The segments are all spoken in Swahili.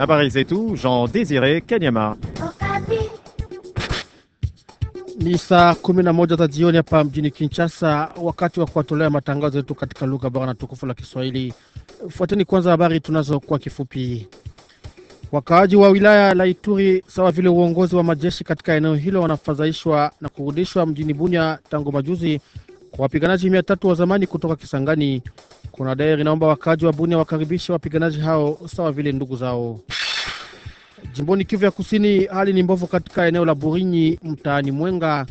À Paris, c'est tout. Jean Désiré Kanyama. Ni saa kumi na moja za jioni hapa mjini Kinshasa, wakati wa kuwatolea matangazo yetu katika lugha bara na tukufu la Kiswahili. Fuateni kwanza habari tunazo kwa kifupi. Wakaaji wa wilaya la Ituri sawa vile uongozi wa majeshi katika eneo hilo wanafadhaishwa na kurudishwa mjini Bunya tangu majuzi wapiganaji mia tatu wa zamani kutoka Kisangani. Konaderi inaomba wakaji wa Bunia wakaribishe wapiganaji hao sawa vile ndugu zao. Jimboni Kivu ya Kusini, hali ni mbovu katika eneo la Burinyi mtaani Mwenga.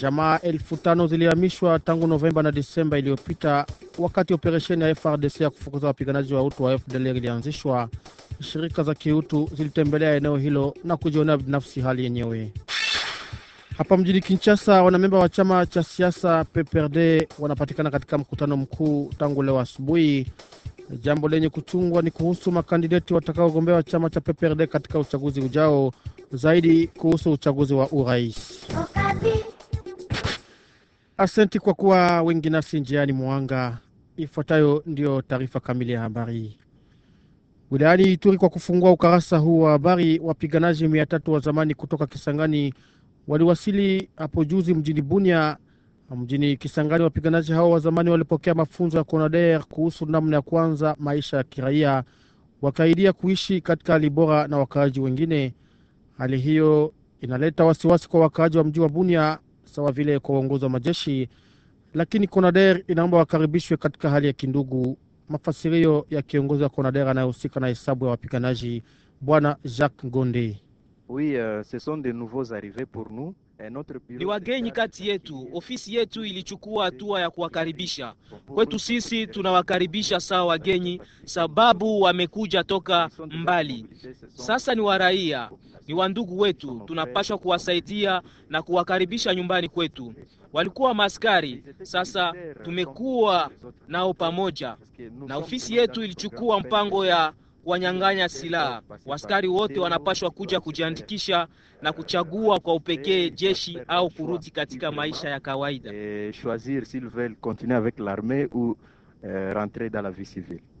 Jamaa elfu tano zilihamishwa tangu Novemba na Disemba iliyopita wakati operesheni ya FRDC ya kufukuza wapiganaji wa utu wa FDLR ilianzishwa. Shirika za kiutu zilitembelea eneo hilo na kujionea binafsi hali yenyewe. Hapa mjini Kinshasa, wanamemba wa chama cha siasa PPRD wanapatikana katika mkutano mkuu tangu leo asubuhi. Jambo lenye kuchungwa ni kuhusu makandideti watakaogombea wa chama cha PPRD katika uchaguzi ujao, zaidi kuhusu uchaguzi wa urais. asenti kwa kuwa wengi nasi njiani mwanga. Ifuatayo ndiyo taarifa kamili ya habari. Wilayani Ituri, kwa kufungua ukarasa huu wa habari, wapiganaji mia tatu wa zamani kutoka Kisangani waliwasili hapo juzi mjini Bunia. Mjini Kisangani, wapiganaji hao wa zamani walipokea mafunzo ya CONADER kuhusu namna ya kuanza maisha ya kiraia, wakaidia kuishi katika hali bora na wakaaji wengine. Hali hiyo inaleta wasiwasi kwa wakaaji wa mji wa Bunia sawa vile kwa uongozi wa majeshi, lakini CONADER inaomba wakaribishwe katika hali ya kindugu. Mafasirio ya kiongozi wa CONADER anayehusika na hesabu ya wapiganaji Bwana Jacques Ngonde. Oui, euh, ce sont de nouveaux arrivés pour nous. Ni wageni kati yetu. Ofisi yetu ilichukua hatua ya kuwakaribisha. Kwetu sisi tunawakaribisha sawa wageni, sababu wamekuja toka mbali. Sasa ni waraia, ni wandugu wetu, tunapaswa kuwasaidia na kuwakaribisha nyumbani kwetu. Walikuwa maskari sasa tumekuwa nao pamoja, na ofisi yetu ilichukua mpango ya kuwanyang'anya silaha. Waskari wote wanapashwa kuja kujiandikisha na kuchagua kwa upekee jeshi au kurudi katika maisha ya kawaida. Euh,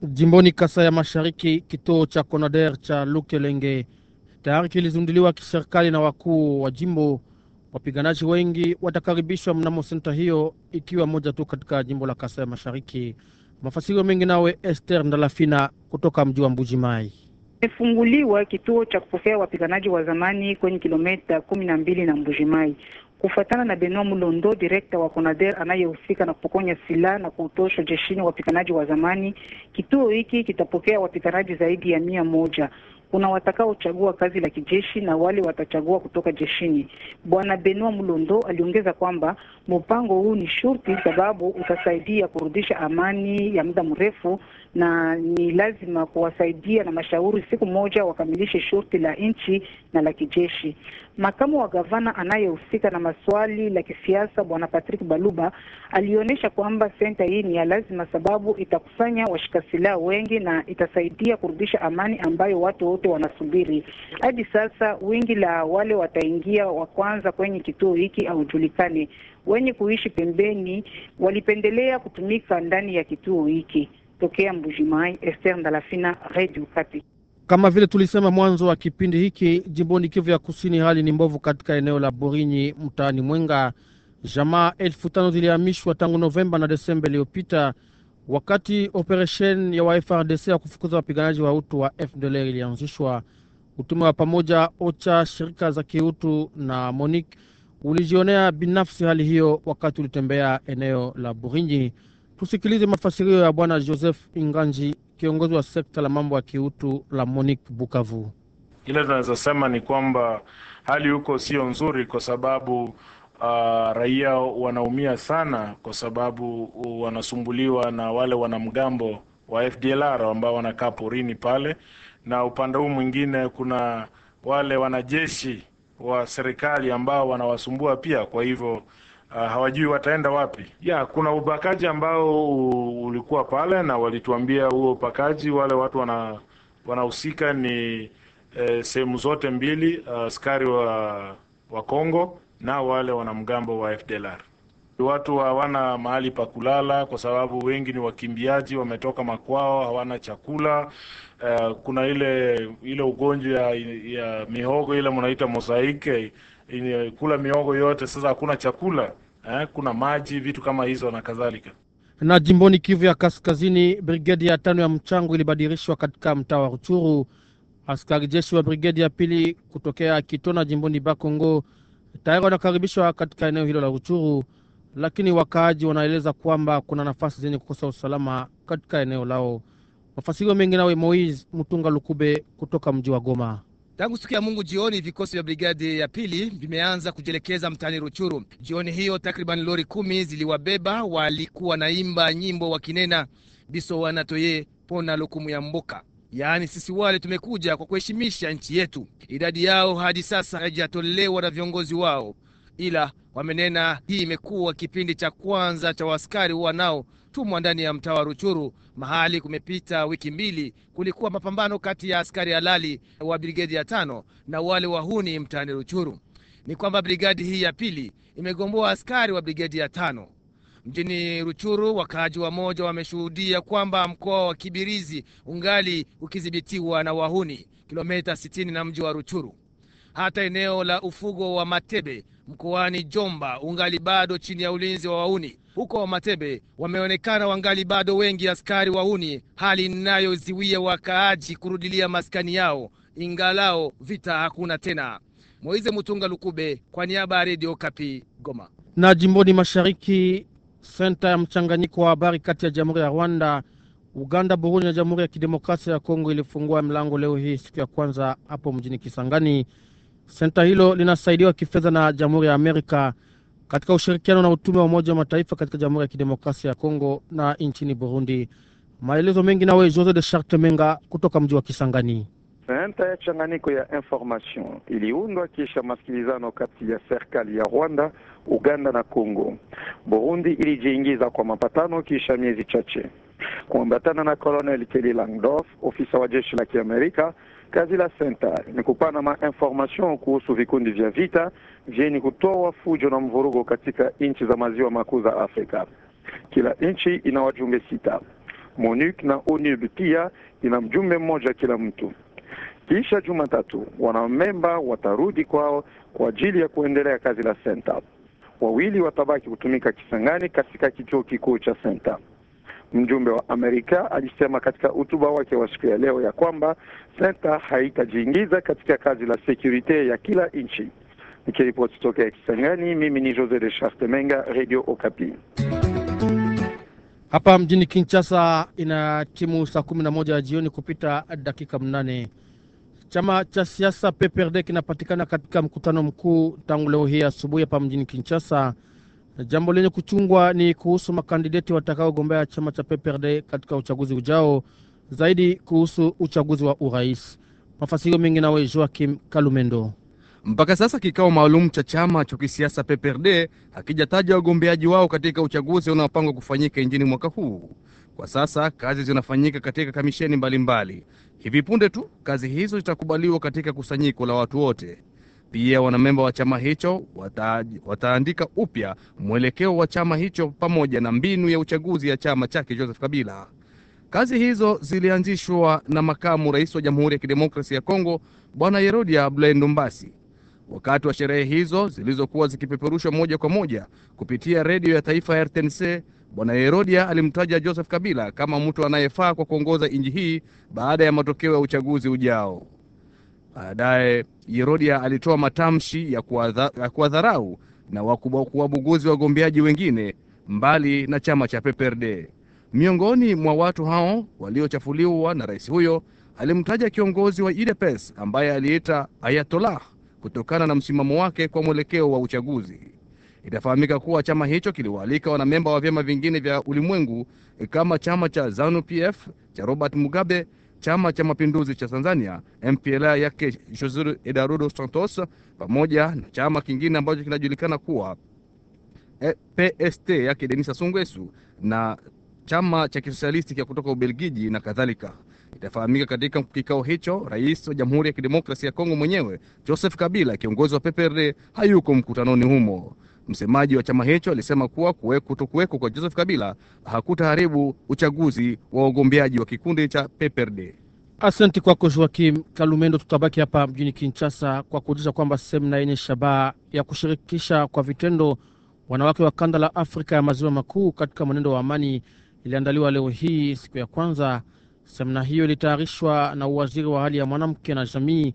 Jimboni Kasa ya Mashariki, kituo cha Konader cha Lukelenge tayari kilizunduliwa kiserikali na wakuu wa jimbo. Wapiganaji wengi watakaribishwa mnamo senta hiyo, ikiwa moja tu katika jimbo la kasa ya Mashariki. Mafasirio mengi nawe Esther Ndalafina kutoka mji wa Mbuji Mai. Imefunguliwa kituo cha kupokea wapiganaji wa zamani kwenye kilomita kumi na mbili na Mbuji Mai kufuatana na Benoit Mulondo, direkta wa CONADER anayehusika na kupokonya silaha na kutoshwa jeshini wapiganaji wa zamani. Kituo hiki kitapokea wapiganaji zaidi ya mia moja. Kuna watakaochagua kazi la kijeshi na wale watachagua kutoka jeshini. Bwana Benoit Mulondo aliongeza kwamba mpango huu ni shurti, sababu utasaidia kurudisha amani ya muda mrefu na ni lazima kuwasaidia na mashauri, siku moja wakamilishe shurti la nchi na la kijeshi. Makamu wa gavana anayehusika na maswali la kisiasa Bwana Patrick Baluba alionyesha kwamba senta hii ni ya lazima, sababu itakusanya washika silaha wengi na itasaidia kurudisha amani ambayo watu wote wanasubiri. Hadi sasa wingi la wale wataingia wa kwanza kwenye kituo hiki haujulikani. Wenye kuishi pembeni walipendelea kutumika ndani ya kituo hiki tokea Mbujimai, Esther Ndalafina, Radio Kati. Kama vile tulisema mwanzo wa kipindi hiki, jimboni Kivu ya Kusini hali ni mbovu katika eneo la Burinyi mtaani Mwenga. Jamaa elfu tano zilihamishwa tangu Novemba na Desemba iliyopita wakati operesheni ya wa FRDC ya kufukuza wapiganaji wa utu wa FDLR ilianzishwa. Utume wa pamoja OCHA, shirika za kiutu na MONUC ulijionea binafsi hali hiyo wakati ulitembea eneo la Burinyi. Tusikilize mafasirio ya Bwana Joseph Inganji, kiongozi wa sekta la mambo ya kiutu la MONIC Bukavu. Ile tunaweza sema ni kwamba hali huko sio nzuri kwa sababu Uh, raia wanaumia sana kwa sababu wanasumbuliwa na wale wanamgambo wa FDLR ambao wanakaa porini pale, na upande huu mwingine kuna wale wanajeshi wa serikali ambao wanawasumbua pia. Kwa hivyo uh, hawajui wataenda wapi. Ya, kuna ubakaji ambao ulikuwa pale na walituambia huo ubakaji, wale watu wana wanahusika ni eh, sehemu zote mbili, ah, askari uh, wa wa Kongo na wale wanamgambo wa FDLR. Watu hawana mahali pa kulala kwa sababu wengi ni wakimbiaji, wametoka makwao, hawana chakula. Uh, kuna ile ile ugonjwa ya, ya mihogo ile mnaita mosaike kula miongo yote, sasa hakuna chakula eh, kuna maji, vitu kama hizo na kadhalika. Na jimboni Kivu ya Kaskazini, brigedi ya tano ya mchango ilibadilishwa katika mtaa wa Ruchuru. Askari jeshi wa brigedi ya pili kutokea Kitona jimboni Bakongo tayari wanakaribishwa katika eneo hilo la Ruchuru, lakini wakaaji wanaeleza kwamba kuna nafasi zenye kukosa usalama katika eneo lao. Mafasirio mengi nawe Moise Mutunga Lukube kutoka mji wa Goma. Tangu siku ya Mungu jioni, vikosi vya brigadi ya pili vimeanza kujielekeza mtaani Ruchuru. Jioni hiyo takriban lori kumi ziliwabeba walikuwa naimba nyimbo wakinena biso wanatoye pona lokumu ya mboka, yaani sisi wale tumekuja kwa kuheshimisha nchi yetu. Idadi yao hadi sasa haijatolewa na viongozi wao, ila wamenena hii imekuwa kipindi cha kwanza cha waaskari wanaotumwa ndani ya mtaa wa Ruchuru mahali kumepita wiki mbili, kulikuwa mapambano kati ya askari halali wa brigedi ya tano na wale wahuni mtaani Ruchuru. Ni kwamba brigadi hii ya pili imegomboa askari wa brigedi ya tano mjini Ruchuru. Wakaaji wa moja wameshuhudia kwamba mkoa wa Kibirizi ungali ukidhibitiwa na wahuni, kilomita 60 na mji wa Ruchuru. Hata eneo la ufugo wa Matebe mkoani Jomba ungali bado chini ya ulinzi wa wahuni huko Matebe wameonekana wangali bado wengi askari wauni, hali inayoziwia wakaaji kurudilia maskani yao, ingalao vita hakuna tena. Moize Mutunga Lukube kwa niaba ya Redio Kapi Goma. Na jimboni mashariki, senta ya mchanganyiko wa habari kati ya Jamhuri ya Rwanda, Uganda, Burundi na Jamhuri ya Kidemokrasia ya Kongo ilifungua mlango leo hii siku ya kwanza hapo mjini Kisangani. Senta hilo linasaidiwa kifedha na Jamhuri ya Amerika katika ushirikiano na utume wa Umoja wa Mataifa katika Jamhuri ya Kidemokrasia ya Kongo na nchini Burundi. Maelezo mengi nawe Jose de Charte Menga kutoka mji wa Kisangani. Senta ya changaniko ya information iliundwa kisha masikilizano kati ya serikali ya Rwanda, Uganda na congo Burundi ilijiingiza kwa mapatano kisha miezi chache kuambatana na Colonel Kelly Langdorf, ofisa wa jeshi la Kiamerika kazi la senta ni kupana mainformation kuhusu vikundi vya vita vyenye kutoa fujo na mvurugo katika nchi za maziwa makuu za Afrika. Kila nchi ina wajumbe sita. MONUC na ONUB pia ina mjumbe mmoja kila mtu. Kisha Jumatatu wanamemba watarudi kwao kwa ajili ya kuendelea kazi la senta. Wawili watabaki kutumika Kisangani katika kituo kikuu cha senta. Mjumbe wa Amerika alisema katika hotuba wake wa siku ya leo ya kwamba senta haitajiingiza katika kazi la sekurite ya kila nchi. Nikiripoti tokea Kisangani, mimi ni Jose de menga Radio Okapi. Hapa mjini Kinshasa ina timu saa kumi na moja ya jioni kupita dakika mnane. Chama cha siasa PPRD kinapatikana katika mkutano mkuu tangu leo hii asubuhi hapa mjini Kinshasa Jambo lenye kuchungwa ni kuhusu makandideti watakaogombea chama cha PPRD katika uchaguzi ujao, zaidi kuhusu uchaguzi wa urais. Mafasirio mengi nawe Joakim Kalumendo. Mpaka sasa kikao maalum cha chama cha kisiasa PPRD hakijataja wagombeaji wao katika uchaguzi unaopangwa kufanyika nchini mwaka huu. Kwa sasa kazi zinafanyika katika kamisheni mbalimbali. Hivi punde tu kazi hizo zitakubaliwa katika kusanyiko la watu wote. Pia wanamemba wa chama hicho wata, wataandika upya mwelekeo wa chama hicho pamoja na mbinu ya uchaguzi ya chama chake Joseph Kabila. Kazi hizo zilianzishwa na makamu rais wa Jamhuri ya Kidemokrasia ya Kongo Bwana Yerodia Abdulahi Ndumbasi wakati wa sherehe hizo zilizokuwa zikipeperushwa moja kwa moja kupitia redio ya taifa ya RTNC. Bwana Herodia alimtaja Joseph Kabila kama mtu anayefaa kwa kuongoza nchi hii baada ya matokeo ya uchaguzi ujao. Baadaye Yerodia alitoa matamshi ya kuwadharau na kuwabuguzi wagombeaji wengine mbali na chama cha PPRD. Miongoni mwa watu hao waliochafuliwa na rais huyo alimtaja kiongozi wa UDPS ambaye aliita Ayatollah kutokana na msimamo wake kwa mwelekeo wa uchaguzi. Itafahamika kuwa chama hicho kiliwaalika wanamemba wa vyama vingine vya ulimwengu kama chama cha Zanu PF cha Robert Mugabe Chama cha Mapinduzi cha Tanzania MPLA yake Josue Eduardo Santos pamoja na chama kingine ambacho kinajulikana kuwa eh, PST yake denisa sungwesu na chama cha kisosialisti cha kutoka Ubelgiji na kadhalika. Itafahamika katika kikao hicho, rais wa Jamhuri ya Kidemokrasia ya Kongo mwenyewe Joseph Kabila, kiongozi wa PPRD, hayuko mkutanoni humo. Msemaji wa chama hicho alisema kuwa kutokuweko kwa Joseph Kabila hakutaharibu uchaguzi wa wagombeaji wa kikundi cha PPRD. Asante kwako Joakim Kalumendo. Tutabaki hapa mjini Kinshasa kwa kujulisha kwamba semina yenye shabaha ya kushirikisha kwa vitendo wanawake wa kanda la Afrika ya maziwa makuu katika mwenendo wa amani iliandaliwa leo hii siku ya kwanza. Semina hiyo ilitayarishwa na uwaziri wa hali ya mwanamke na jamii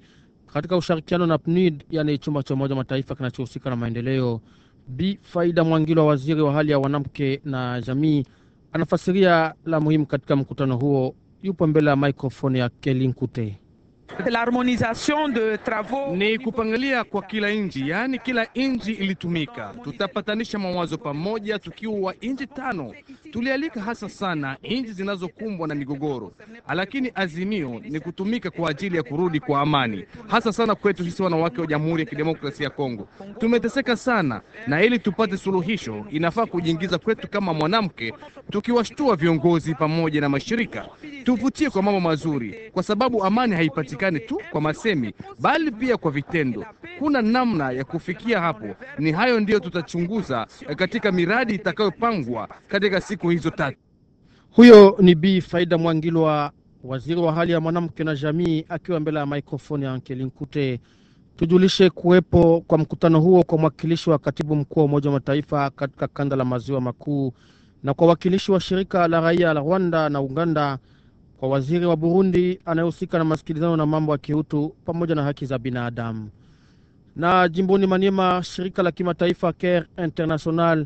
katika ushirikiano na PNUD, yani chumba cha Umoja Mataifa kinachohusika na maendeleo. Bi Faida Mwangilo, waziri wa hali ya wanamke na jamii, anafasiria la muhimu katika mkutano huo. Yupo mbele ya maikrofoni ya kelinkute Kute ni kupangalia kwa kila nchi, yaani kila nchi ilitumika. Tutapatanisha mawazo pamoja, tukiwa nchi tano. Tulialika hasa sana nchi zinazokumbwa na migogoro, lakini azimio ni kutumika kwa ajili ya kurudi kwa amani, hasa sana kwetu sisi wanawake wa Jamhuri ya Kidemokrasia ya Kongo. Tumeteseka sana, na ili tupate suluhisho inafaa kujiingiza kwetu kama mwanamke, tukiwashtua viongozi pamoja na mashirika, tuvutie kwa mambo mazuri, kwa sababu amani haipatikani haipatikani tu kwa masemi, bali pia kwa vitendo. Kuna namna ya kufikia hapo. Ni hayo ndiyo tutachunguza katika miradi itakayopangwa katika siku hizo tatu. Huyo ni Bi Faida Mwangilwa, waziri wa hali ya mwanamke na jamii, akiwa mbele ya maikrofoni ya Ankelinkute. Tujulishe kuwepo kwa mkutano huo kwa mwakilishi wa katibu mkuu wa Umoja wa Mataifa katika kanda la maziwa makuu na kwa wakilishi wa shirika la raia la Rwanda na Uganda kwa waziri wa Burundi anayehusika na masikilizano na mambo ya kiutu pamoja na haki za binadamu. Na jimboni Maniema, shirika la kimataifa Care International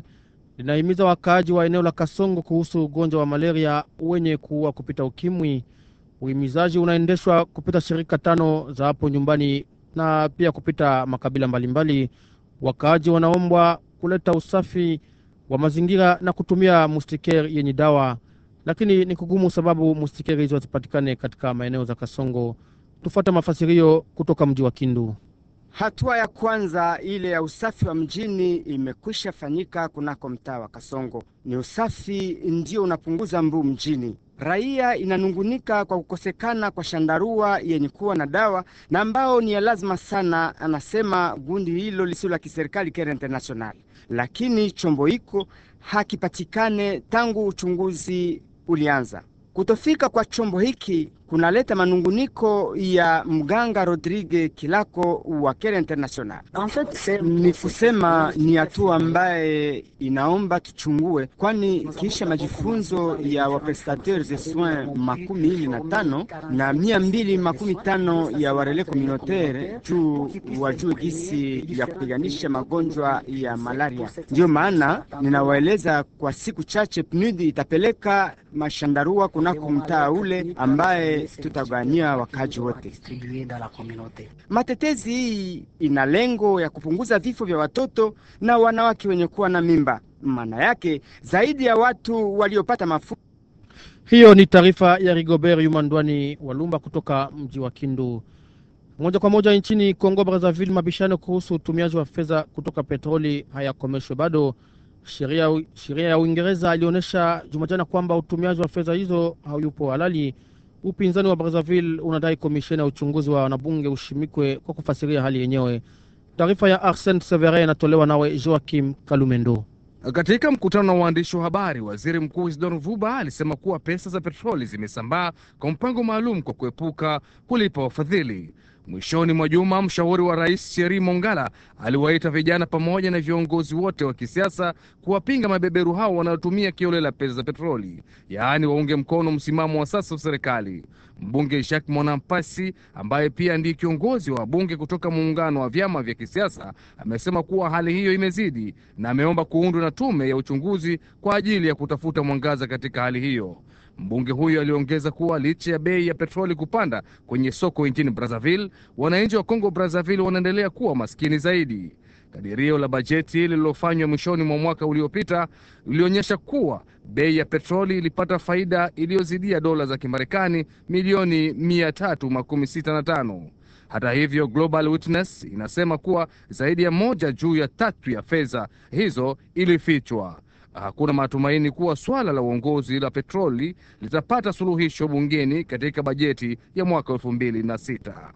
linahimiza wakaaji wa eneo la Kasongo kuhusu ugonjwa wa malaria wenye kuua kupita ukimwi. Uhimizaji unaendeshwa kupita shirika tano za hapo nyumbani na pia kupita makabila mbalimbali. Wakaaji wanaombwa kuleta usafi wa mazingira na kutumia mustiker yenye dawa lakini ni kugumu sababu mustikeri hizo hazipatikane katika maeneo za Kasongo. Tufuata mafasirio kutoka mji wa Kindu. Hatua ya kwanza ile ya usafi wa mjini imekwisha fanyika kunako mtaa wa Kasongo. Ni usafi ndio unapunguza mbu mjini. Raia inanungunika kwa kukosekana kwa shandarua yenye kuwa na dawa na ambao ni ya lazima sana, anasema gundi hilo lisilo la kiserikali Care International, lakini chombo hiko hakipatikane tangu uchunguzi ulianza. Kutofika kwa chombo hiki kunaleta manunguniko ya mganga Rodrigue Kilako wa Kere International. Ni kusema ni hatua ambaye inaomba tuchungue, kwani kisha majifunzo ya waprestateur de soins makumi mbili na tano na mia mbili makumi tano ya warele communautaire juu wajue gisi ya kupiganisha magonjwa ya malaria. Ndiyo maana ninawaeleza kwa siku chache PNUD itapeleka mashandarua kunako mtaa ule ambaye vile tutagania wakaji wote. Matetezi hii ina lengo ya kupunguza vifo vya watoto na wanawake wenye kuwa na mimba, maana yake zaidi ya watu waliopata mafu. Hiyo ni taarifa ya Rigobert Yumandwani Walumba kutoka mji wa Kindu. Moja kwa moja nchini Kongo Brazzaville, mabishano kuhusu utumiaji wa fedha kutoka petroli hayakomeshwe bado. Sheria ya Uingereza ilionyesha Jumajana kwamba utumiaji wa fedha hizo hayupo halali. Upinzani wa Brazzaville unadai komisheni ya uchunguzi wa wanabunge ushimikwe kwa kufasiria hali yenyewe. Taarifa ya Arsene Severe inatolewa nawe Joakim Kalumendo. Katika mkutano na waandishi wa habari, waziri mkuu Isidor Vuba alisema kuwa pesa za petroli zimesambaa kwa mpango maalum kwa kuepuka kulipa wafadhili. Mwishoni mwa juma, mshauri wa rais Cheri Mongala aliwaita vijana pamoja na viongozi wote wa kisiasa kuwapinga mabeberu hao wanaotumia kiolela pesa za petroli, yaani waunge mkono msimamo wa sasa wa serikali. Mbunge Ishak Mwanampasi ambaye pia ndiye kiongozi wa bunge kutoka muungano wa vyama vya kisiasa amesema kuwa hali hiyo imezidi na ameomba kuundwa na tume ya uchunguzi kwa ajili ya kutafuta mwangaza katika hali hiyo. Mbunge huyo aliongeza kuwa licha ya bei ya petroli kupanda kwenye soko nchini Brazzaville, wananchi wa Kongo Brazzaville wanaendelea kuwa maskini zaidi. Kadirio la bajeti lililofanywa mwishoni mwa mwaka uliopita lilionyesha kuwa bei ya petroli ilipata faida iliyozidia dola za Kimarekani milioni 365. Hata hivyo, Global Witness inasema kuwa zaidi ya moja juu ya tatu ya fedha hizo ilifichwa hakuna matumaini kuwa swala la uongozi la petroli litapata suluhisho bungeni katika bajeti ya mwaka elfu mbili na sita.